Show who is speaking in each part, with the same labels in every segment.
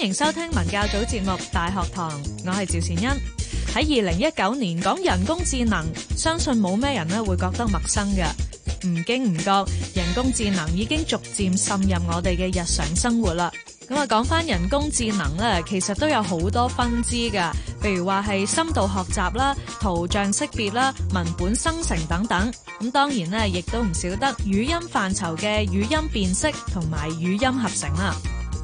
Speaker 1: 歡迎收聽文教組節目《大學堂》，我係趙善恩。喺二零一九年講人工智能，相信冇咩人咧會覺得陌生嘅。唔經唔覺，人工智能已經逐漸滲入我哋嘅日常生活啦。咁啊，講返人工智能咧，其實都有好多分支噶，譬如話係深度學習啦、圖像識別啦、文本生成等等。咁當然咧，亦都唔少得語音範疇嘅語音辨識同埋語音合成啦。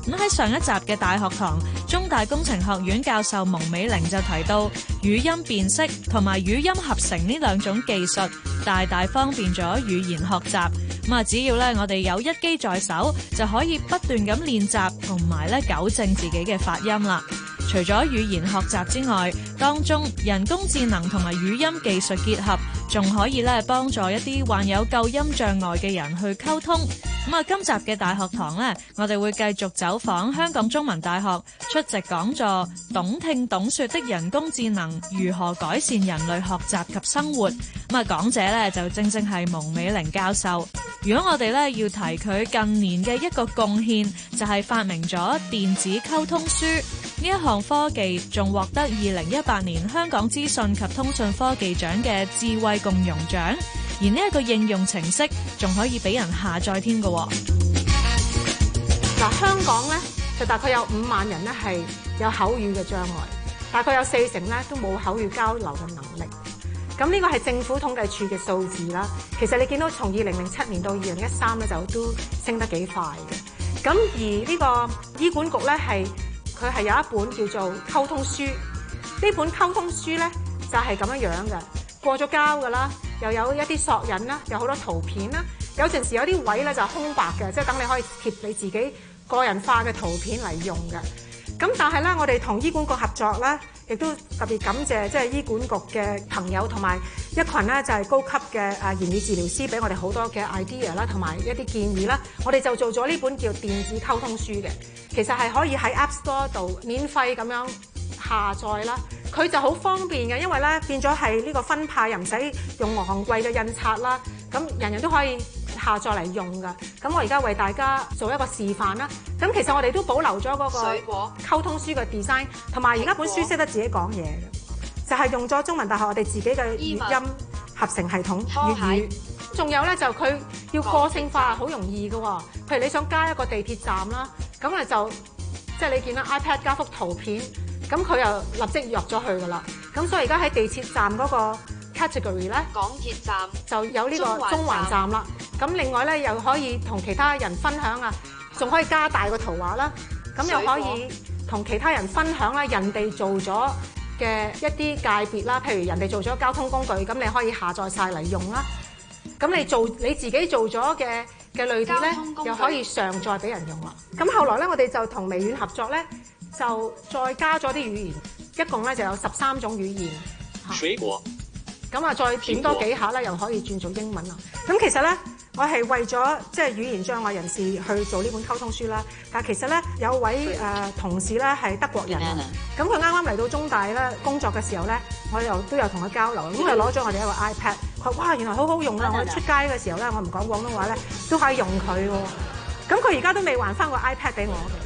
Speaker 1: 咁喺上一集嘅大學堂，中大工程學院教授蒙美玲就提到，語音辨識同埋語音合成呢兩種技術大大方便咗語言學習。咁啊，只要咧我哋有一機在手，就可以不斷咁練習同埋咧糾正自己嘅發音啦。除咗語言學習之外，當中人工智能同埋語音技術結合，仲可以咧幫助一啲患有構音障礙嘅人去溝通。咁啊，今集嘅大學堂咧我哋會繼續走訪香港中文大學出席講座，懂聽懂說的人工智能如何改善人類學習及生活。咁啊，講者咧就正正係蒙美玲教授。如果我哋咧要提佢近年嘅一個貢獻，就係發明咗電子溝通書呢一項科技，仲獲得二零一八年香港資訊及通訊科技獎嘅智慧共融獎。而呢一個應用程式仲可以俾人下載添噶
Speaker 2: 嗱，香港咧，就大概有五萬人咧係有口語嘅障礙，大概有四成咧都冇口語交流嘅能力。咁呢、這個係政府統計處嘅數字啦。其實你見到從二零零七年到二零一三咧，就都升得幾快嘅。咁而呢個醫管局咧係佢係有一本叫做溝通書，呢本溝通書咧就係、是、咁樣樣嘅過咗膠噶啦。又有一啲索引啦，有好多圖片啦，有陣時有啲位咧就空白嘅，即係等你可以貼你自己個人化嘅圖片嚟用嘅。咁但係咧，我哋同醫管局合作啦，亦都特別感謝即係醫管局嘅朋友同埋一群咧就係高級嘅啊言語治療師俾我哋好多嘅 idea 啦，同埋一啲建議啦。我哋就做咗呢本叫電子溝通書嘅，其實係可以喺 App Store 度免費咁樣下載啦。佢就好方便嘅，因為咧變咗係呢個分派又唔使用昂貴嘅印刷啦，咁人人都可以下載嚟用噶。咁我而家為大家做一個示範啦。咁其實我哋都保留咗嗰個溝通書嘅 design，同埋而家本書識得自己講嘢嘅，就係用咗中文大學，我哋自己嘅語音合成系統粵語。仲有咧就佢要個性化，好容易嘅喎。譬如你想加一個地鐵站啦，咁啊，就即係你見到 iPad 加幅圖片。咁佢又立即入咗去㗎喇，咁所以而家喺地鐵站嗰個 category 咧，港鐵站就有呢個中環站啦。咁另外咧又可以同其他人分享啊，仲可以加大個圖畫啦，咁又可以同其他人分享啦。人哋做咗嘅一啲界別啦，譬如人哋做咗交通工具，咁你可以下載晒嚟用啦。咁你做你自己做咗嘅嘅類別咧，又可以上載俾人用啦。咁後來咧，我哋就同微軟合作咧，就再加咗啲語言，一共咧就有十三種語言。
Speaker 1: 水
Speaker 2: 果。咁啊，再點多幾下咧，果又可以轉做英文啦。咁其實咧，我係為咗即係語言障礙人士去做呢本溝通書啦。但其實咧，有位、呃、同事咧係德國人，咁佢啱啱嚟到中大咧工作嘅時候咧，我又都有同佢交流，咁佢攞咗我哋一個 iPad，佢話，嘩原來好好用啊！我出街嘅時候咧，啊、我唔講廣東話咧，都可以用佢。咁佢而家都未還翻個 iPad 俾我。啊嗯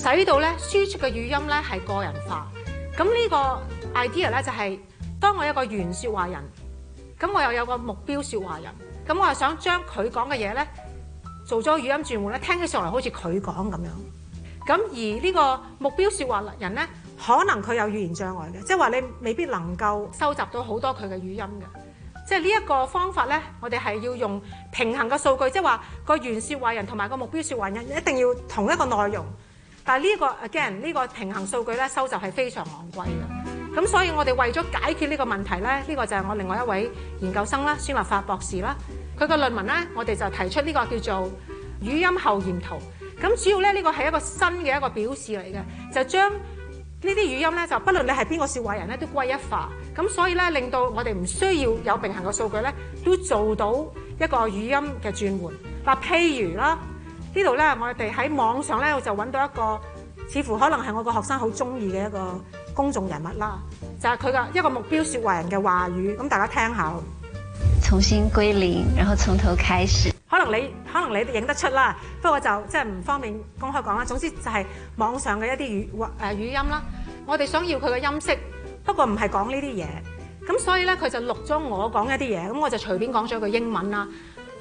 Speaker 2: 使到咧輸出嘅語音咧係個人化咁呢個 idea 咧就係、是、當我有一個原説話人咁，我又有一個目標説話人咁，我係想將佢講嘅嘢咧做咗語音轉換咧，聽起上嚟好似佢講咁樣咁。而呢個目標説話人咧，可能佢有語言障礙嘅，即係話你未必能夠收集到好多佢嘅語音嘅。即係呢一個方法咧，我哋係要用平衡嘅數據，即係話個原説話人同埋個目標説話人一定要同一個內容。但係呢個 again 呢個平衡數據咧收集係非常昂貴嘅，咁所以我哋為咗解決呢個問題咧，呢個就係我另外一位研究生啦，孫立法博士啦，佢個論文咧，我哋就提出呢個叫做語音後驗圖，咁主要咧呢個係一個新嘅一個表示嚟嘅，就將呢啲語音咧就不論你係邊個說話人咧都歸一化，咁所以咧令到我哋唔需要有平衡嘅數據咧，都做到一個語音嘅轉換。嗱，譬如啦。呢度咧，我哋喺網上咧我就揾到一個，似乎可能係我個學生好中意嘅一個公眾人物啦，就係佢嘅一個目標説話人嘅話語，咁大家聽下。
Speaker 1: 重新歸零，然後從
Speaker 2: 頭開始。可能你，可能你都影得出啦，不過就即係唔方便公開講啦。總之就係網上嘅一啲語誒、呃、語音啦，我哋想要佢嘅音色，不過唔係講呢啲嘢，咁所以咧佢就錄咗我講一啲嘢，咁我就隨便講咗句英文啦。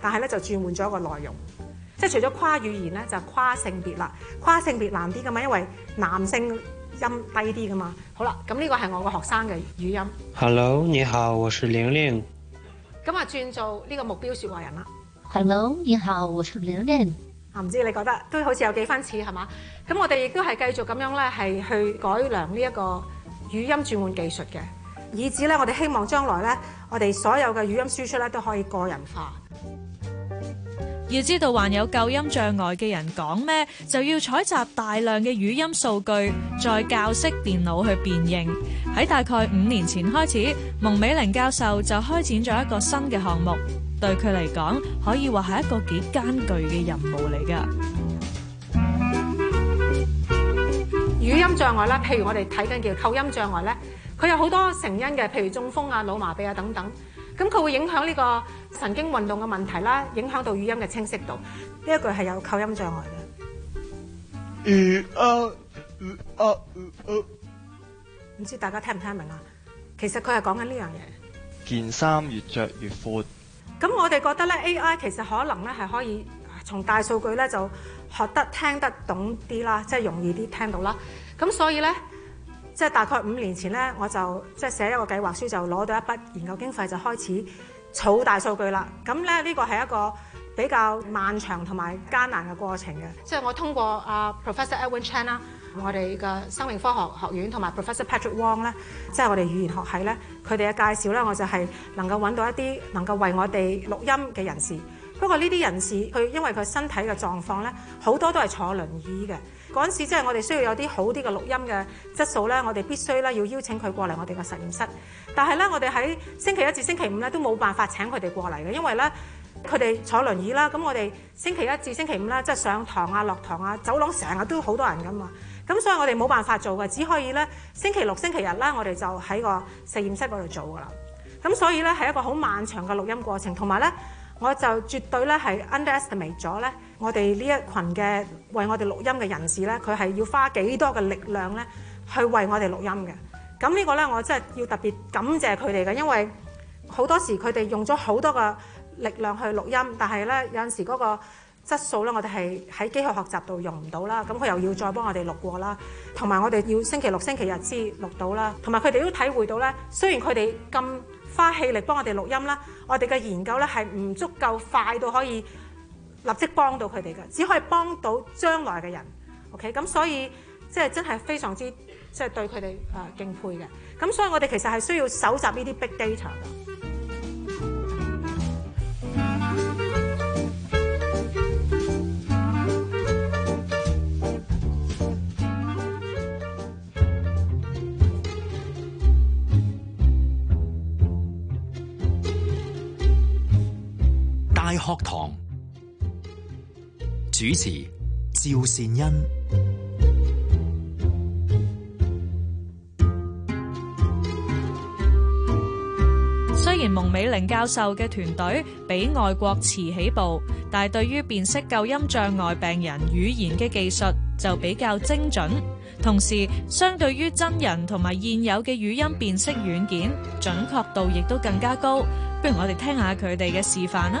Speaker 2: 但係咧，就轉換咗一個內容，即係除咗跨語言咧，就跨性別啦。跨性別難啲噶嘛，因為男性音低啲噶嘛。好啦，咁、嗯、呢個係我個學生嘅語音。Hello，你好，我是玲玲。咁啊、嗯，轉做呢個目標說話人啦。Hello，你好，我是玲玲。啊，唔知你覺得都好似有幾分似係嘛？咁我哋亦都係繼續咁樣咧，係去改良呢一個語音轉換技術嘅，以至咧我哋希望將來咧，我哋所有嘅語音輸出咧都可以個人化。
Speaker 1: 要知道患有構音障礙嘅人講咩，就要採集大量嘅語音數據，再教識電腦去辨認。喺大概五年前開始，蒙美玲教授就開展咗一個新嘅項目。對佢嚟講，可以話係一個幾艱巨嘅任務嚟㗎。
Speaker 2: 語音障礙啦，譬如我哋睇緊叫構音障礙咧，佢有好多成因嘅，譬如中風啊、腦麻痹啊等等。咁佢會影響呢個神經運動嘅問題啦，影響到語音嘅清晰度。呢一句係有構音障礙嘅。唔、呃呃呃呃呃、知大家聽唔聽明啊？其實佢係講緊呢樣嘢。
Speaker 1: 件衫越着越闊。
Speaker 2: 咁我哋覺得咧，AI 其實可能咧係可以從大數據咧就學得聽得懂啲啦，即係容易啲聽到啦。咁所以咧。即係大概五年前呢，我就即係寫一個計劃書，就攞到一筆研究經費，就開始儲大數據啦。咁咧呢，呢個係一個比較漫長同埋艱難嘅過程嘅。即係我通過阿 Professor Edwin Chan 啦，我哋嘅生命科學學院同埋 Professor Patrick Wong 咧，即係我哋語言學系咧，佢哋嘅介紹咧，我就係能夠揾到一啲能夠為我哋錄音嘅人士。不過呢啲人士佢因為佢身體嘅狀況咧，好多都係坐輪椅嘅。嗰陣時即係我哋需要有啲好啲嘅錄音嘅質素咧，我哋必須咧要邀請佢過嚟我哋個實驗室。但係咧，我哋喺星期一至星期五咧都冇辦法請佢哋過嚟嘅，因為咧佢哋坐輪椅啦。咁我哋星期一至星期五咧即係上堂啊、落堂啊、走廊成日都好多人噶嘛。咁所以我哋冇辦法做嘅，只可以咧星期六、星期日咧我哋就喺個實驗室嗰度做㗎啦。咁所以咧係一個好漫長嘅錄音過程，同埋咧我就絕對咧係 underestimate 咗咧。我哋呢一群嘅為我哋錄音嘅人士呢，佢係要花幾多嘅力量呢去為我哋錄音嘅。咁呢個呢，我真係要特別感謝佢哋嘅，因為好多時佢哋用咗好多個力量去錄音，但係呢，有陣時嗰個質素呢，我哋係喺機器學習度用唔到啦。咁佢又要再幫我哋錄過啦，同埋我哋要星期六、星期日先錄到啦。同埋佢哋都體會到呢，雖然佢哋咁花氣力幫我哋錄音啦，我哋嘅研究呢係唔足夠快到可以。立即幫到佢哋嘅，只可以幫到將來嘅人。OK，咁所以即係、就是、真係非常之即係、就是、對佢哋啊敬佩嘅。咁所以我哋其實係需要搜集呢啲 big data 嘅。大學堂。主持趙善恩。
Speaker 1: 雖然蒙美玲教授嘅團隊比外國遲起步，但係對於辨識構音障礙病人語言嘅技術就比較精準，同時相對於真人同埋現有嘅語音辨識軟件，準確度亦都更加高。不如我哋聽下佢哋嘅示範啦。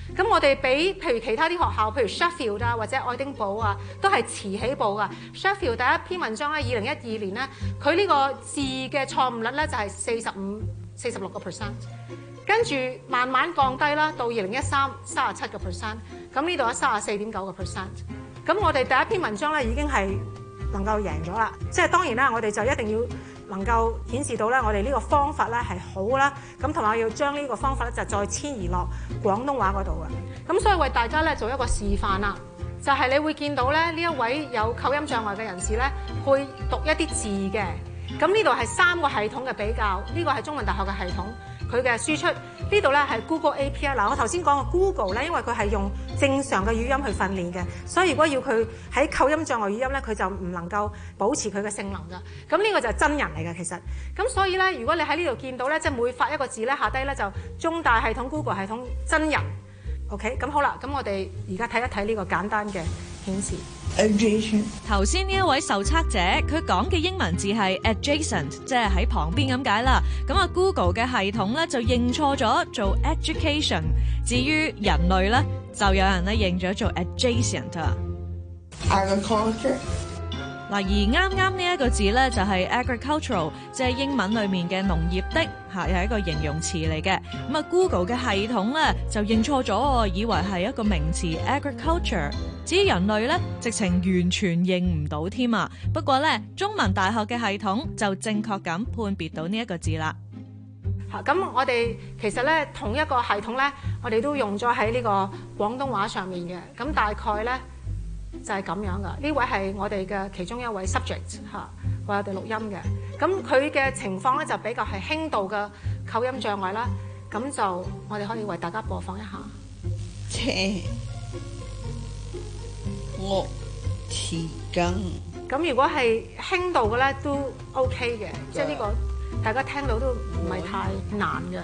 Speaker 2: 咁我哋比譬如其他啲學校，譬如 Sheffield 啊或者愛丁堡啊，都係遲起步噶。Sheffield 第一篇文章咧，二零一二年咧，佢呢個字嘅錯誤率咧就係四十五、四十六個 percent，跟住慢慢降低啦，到二零一三三十七個 percent，咁呢度咧三十四點九個 percent。咁我哋第一篇文章咧已經係能夠贏咗啦，即係當然啦，我哋就一定要。能夠顯示到咧，我哋呢個方法咧係好啦，咁同埋我要將呢個方法咧就再遷移落廣東話嗰度嘅，咁所以為大家咧做一個示範啦，就係你會見到咧呢一位有構音障礙嘅人士咧，去讀一啲字嘅，咁呢度係三個系統嘅比較，呢個係中文大學嘅系統。佢嘅輸出呢度呢係 Google API。嗱，我頭先講嘅 Google 呢，因為佢係用正常嘅語音去訓練嘅，所以如果要佢喺扣音障礙語音呢，佢就唔能夠保持佢嘅性能㗎。咁呢個就係真人嚟㗎，其實。咁所以呢，如果你喺呢度見到呢，即係每發一個字呢，下低呢就中大系統 Google 系統真人，OK？咁好啦，咁我哋而家睇一睇呢個簡單嘅。影視。adjacent。
Speaker 1: 頭先呢一位受測者，佢講嘅英文字係 adjacent，即係喺旁邊咁解啦。咁啊，Google 嘅系統咧就認錯咗做 education。至於人類咧，就有人咧認咗做 adjacent。下嗱，而啱啱呢一個字呢，就係 agricultural，即係英文裏面嘅農業的，嚇，又係一個形容詞嚟嘅。咁啊，Google 嘅系統呢，就認錯咗喎，以為係一個名詞 agriculture。至於人類呢，直情完全認唔到添啊！不過呢，中文大學嘅系統就正確咁判別到呢一個字啦。
Speaker 2: 嚇，咁我哋其實呢，同一個系統呢，我哋都用咗喺呢個廣東話上面嘅。咁大概呢。就係咁樣噶，呢位係我哋嘅其中一位 subject 嚇、啊，為我哋錄音嘅。咁佢嘅情況咧就比較係輕度嘅口音障礙啦。咁就我哋可以為大家播放一下。車樂鐵更咁，咁如果係輕度嘅咧都 OK 嘅，是的即係、這、呢個大家聽到都唔係太難嘅。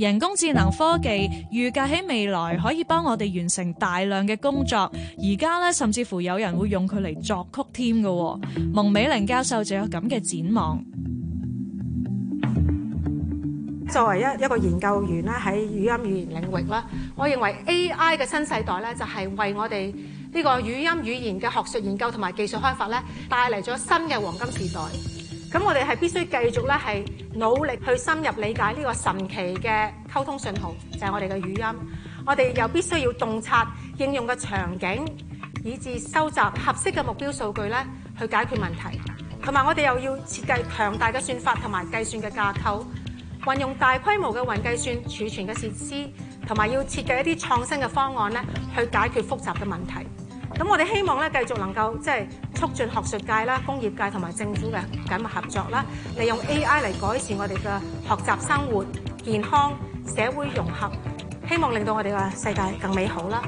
Speaker 2: 人
Speaker 1: 工智能科技預計喺未來可以幫我哋完成大量嘅工作，而家咧甚至乎有人會用佢嚟作曲添嘅。蒙美玲教授就有咁嘅展望。
Speaker 2: 作為一一個研究員咧喺語音語言領域咧，我認為 AI 嘅新世代咧就係為我哋呢個語音語言嘅學術研究同埋技術開發咧帶嚟咗新嘅黃金時代。咁我哋係必須繼續咧，係努力去深入理解呢個神奇嘅溝通信號，就係我哋嘅語音。我哋又必須要洞察應用嘅場景，以至收集合適嘅目標數據咧，去解決問題。同埋我哋又要設計強大嘅算法同埋計算嘅架構，運用大規模嘅雲計算儲存嘅設施，同埋要設計一啲創新嘅方案咧，去解決複雜嘅問題。咁我哋希望咧，繼續能夠即係促進學術界啦、工業界同埋政府嘅緊密合作啦，利用 AI 嚟改善我哋嘅學習生活、健康、社會融合，希望令到我哋嘅世界更美好啦。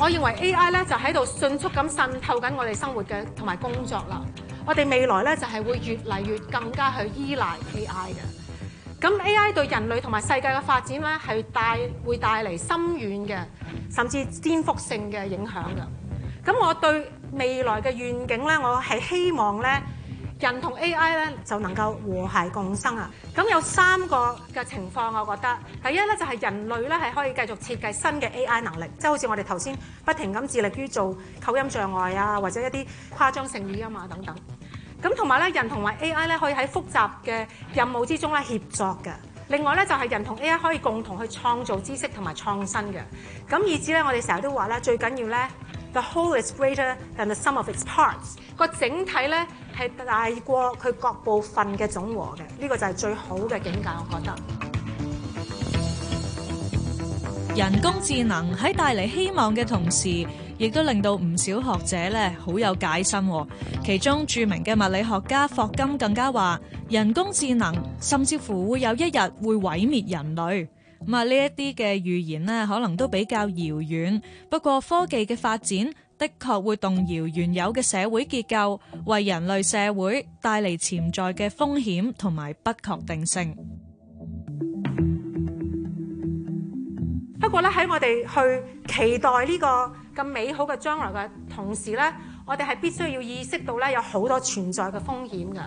Speaker 2: 我認為 AI 咧就喺度迅速咁滲透緊我哋生活嘅同埋工作啦。我哋未來咧就係會越嚟越更加去依賴 AI 嘅。咁 AI 對人類同埋世界嘅發展咧係帶會帶嚟深遠嘅。甚至顛覆性嘅影響嘅，咁我對未來嘅願景呢，我係希望呢人同 AI 呢，就能夠和諧共生啊！咁有三個嘅情況，我覺得第一呢，就係人類呢，係可以繼續設計新嘅 AI 能力，即係好似我哋頭先不停咁致力於做口音障礙啊，或者一啲誇張性語音啊等等。咁同埋呢，人同埋 AI 呢，可以喺複雜嘅任務之中咧協作嘅。另外咧就係人同 AI 可以共同去創造知識同埋創新嘅，咁以至咧我哋成日都話咧最緊要咧 the whole is greater than the sum of its parts 個整體咧係大過佢各部分嘅總和嘅，呢個就係最好嘅境界，我覺得。
Speaker 1: 人工智能喺帶嚟希望嘅同時。亦都令到唔少學者咧好有戒心，其中著名嘅物理學家霍金更加話，人工智能甚至乎會有一日會毀滅人類。咁啊，呢一啲嘅預言呢可能都比較遙遠，不過科技嘅發展的確會動搖原有嘅社會結構，為人類社會帶嚟潛在嘅風險同埋不確定性。
Speaker 2: 不過咧，喺我哋去期待呢、這個。咁美好嘅將來嘅同時呢，我哋係必須要意識到呢，有好多存在嘅風險㗎。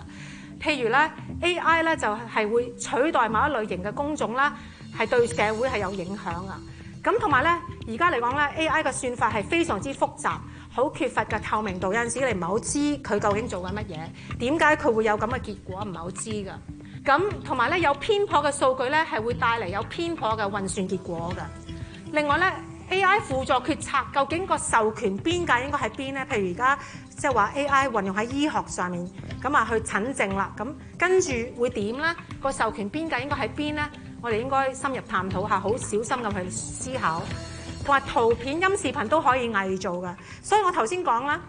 Speaker 2: 譬如呢 AI 呢，AI，就係會取代某一類型嘅工種啦，係對社會係有影響啊。咁同埋呢，而家嚟講呢 AI 嘅算法係非常之複雜，好缺乏嘅透明度，有陣時你唔係好知佢究竟做緊乜嘢，點解佢會有咁嘅結果，唔係好知㗎。咁同埋呢，有偏頗嘅數據呢，係會帶嚟有偏頗嘅運算結果㗎。另外呢。A.I. 輔助決策，究竟個授權邊界應該喺邊咧？譬如而家即係話 A.I. 運用喺醫學上面，咁啊去診症啦，咁跟住會點咧？個授權邊界應該喺邊咧？我哋應該深入探討下，好小心咁去思考。同埋圖片、音視頻都可以偽造嘅，所以我頭先講啦。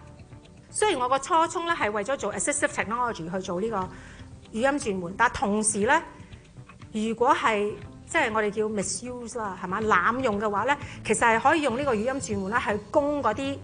Speaker 2: 雖然我個初衷咧係為咗做 assistive technology 去做呢個語音轉換，但同時咧，如果係即係我哋叫 misuse 啦，係嘛，濫用嘅話咧，其實係可以用呢個語音轉換咧，去攻嗰啲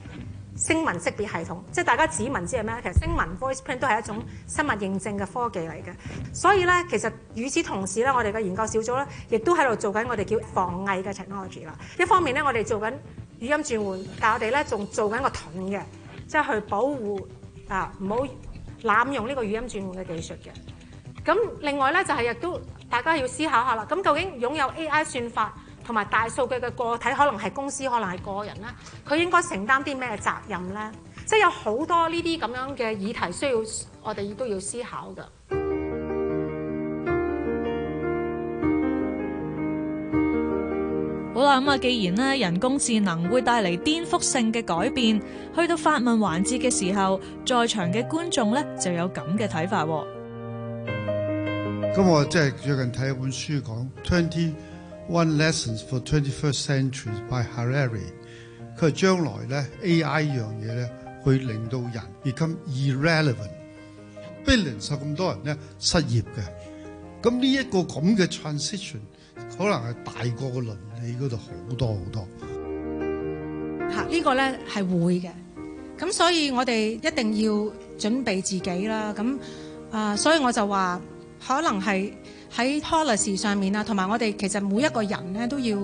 Speaker 2: 聲紋識別系統。即係大家指紋知係咩咧？其實聲紋 voiceprint 都係一種生物認證嘅科技嚟嘅。所以咧，其實與此同時咧，我哋嘅研究小組咧，亦都喺度做緊我哋叫防偽嘅 technology 啦。一方面咧，我哋做緊語音轉換，但係我哋咧仲做緊個盾嘅，即係去保護啊，唔好濫用呢個語音轉換嘅技術嘅。咁另外咧就係亦都。大家要思考下啦，咁究竟擁有 AI 算法同埋大數據嘅個體，可能係公司，可能係個人咧，佢應該承擔啲咩責任咧？即係有好多呢啲咁樣嘅議題需要我哋都要思考㗎。好
Speaker 1: 啦，咁啊，既然呢人工智能會帶嚟顛覆性嘅改變，去到發問環節嘅時候，在場嘅觀眾咧就有咁嘅睇法喎。咁我即係最近睇一本書講《Twenty One Lessons for Twenty First Century by》by Harari 佢係將來咧 AI 樣嘢咧，會令到人 become irrelevant，俾零售咁多人咧失業嘅。咁呢一個咁嘅 transition 可能係大過個倫理嗰度好多好多。
Speaker 2: 嚇、啊，這個、呢個咧係會嘅。咁所以我哋一定要準備自己啦。咁啊，所以我就話。可能係喺 policy 上面啊，同埋我哋其實每一個人呢都要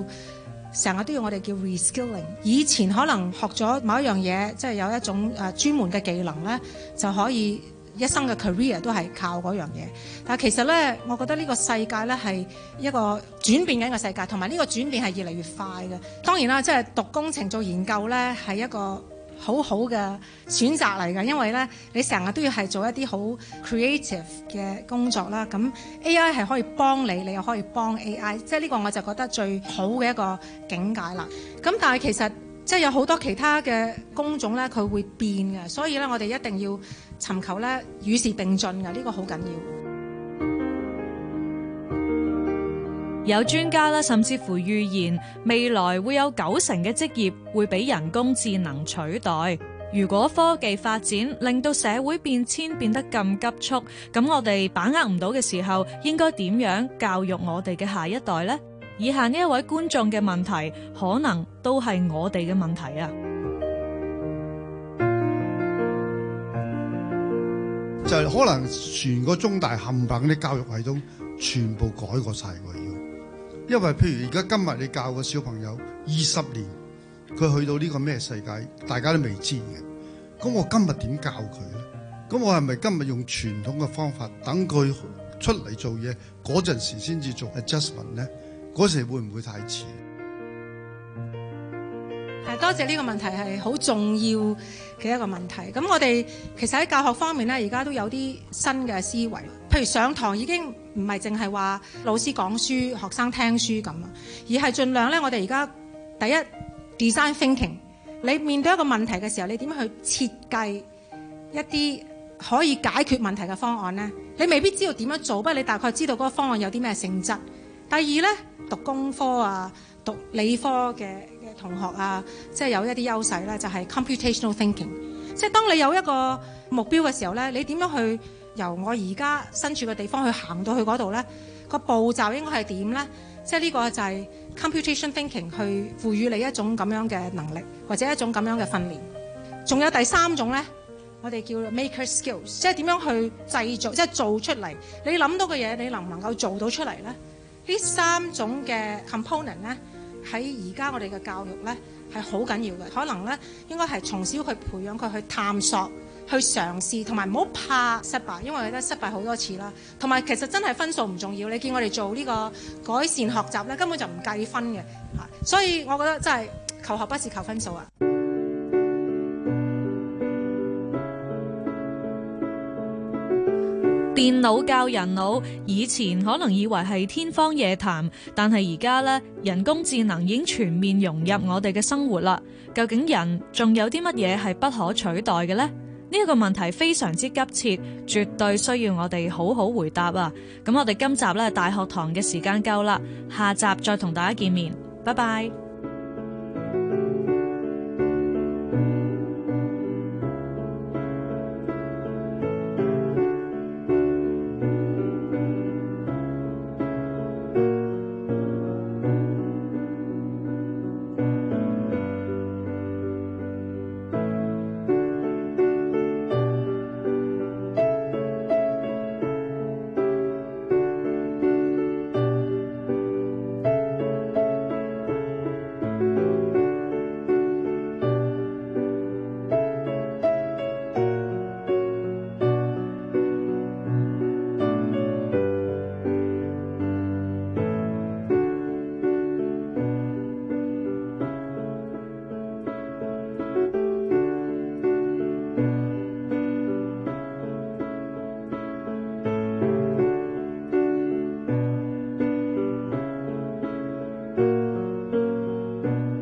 Speaker 2: 成日都要我哋叫 reskilling。以前可能學咗某一樣嘢，即係有一種專門嘅技能呢，就可以一生嘅 career 都係靠嗰樣嘢。但其實呢，我覺得呢個世界呢係一個轉變緊嘅世界，同埋呢個轉變係越嚟越快嘅。當然啦，即係讀工程做研究呢係一個好好嘅選擇嚟㗎，因為呢，你成日都要係做一啲好 creative 嘅工作啦，咁 AI 係可以幫你，你又可以幫 AI，即係呢個我就覺得最好嘅一個境界啦。咁但係其實即係有好多其他嘅工種呢，佢會變嘅，所以呢，我哋一定要尋求呢與時並進嘅，呢個好緊要。有
Speaker 1: 專家啦，甚至乎預言未來會有九成嘅職業會俾人工智能取代。如果科技發展令到社會變遷變得咁急速，咁我哋把握唔到嘅時候，應該點樣教育我哋嘅下一代呢？以下呢一位觀眾嘅問題，可能都係我哋嘅問題啊！就係可能全個中大冚唪唥啲教育系統全部改過晒。因為譬如而家今日你教個小朋友二十年，佢去到呢個咩世界，大家都未知嘅。咁我今日點教佢咧？咁我係咪今日用傳統嘅方法等佢出嚟做嘢嗰陣時先至做 adjustment 咧？嗰時會唔會太遲？
Speaker 2: 係，多謝呢個問題係好重要嘅一個問題。咁我哋其實喺教學方面咧，而家都有啲新嘅思維，譬如上堂已經。唔係淨係話老師講書，學生聽書咁啊，而係盡量呢。我哋而家第一 design thinking，你面對一個問題嘅時候，你點樣去設計一啲可以解決問題嘅方案呢？你未必知道點樣做，不過你大概知道嗰個方案有啲咩性質。第二呢，讀工科啊，讀理科嘅嘅同學啊，即係有一啲優勢呢，就係 computational thinking，即係當你有一個目標嘅時候呢，你點樣去？由我而家身處嘅地方去行到去嗰度咧，那個步驟應該係點咧？即係呢個就係 computation thinking 去賦予你一種咁樣嘅能力，或者一種咁樣嘅訓練。仲有第三種咧，我哋叫 maker skill，s 即係點樣去製造，即係做出嚟。你諗到嘅嘢，你能唔能夠做到出嚟咧？呢三種嘅 component 咧，喺而家我哋嘅教育咧係好緊要嘅。可能咧應該係從小去培養佢去探索，去嘗試，同埋唔好怕失敗，因為我失敗好多次啦。同埋其實真係分數唔重要。你見我哋做呢個改善學習咧，根本就唔計分嘅嚇。所以我覺得真係求學不是求分數啊。
Speaker 1: 電腦教人腦，以前可能以為係天方夜譚，但係而家咧，人工智能已經全面融入我哋嘅生活啦。究竟人仲有啲乜嘢係不可取代嘅呢？呢個問題非常之急切，絕對需要我哋好好回答啊！咁我哋今集咧大學堂嘅時間夠啦，下集再同大家見面，拜拜。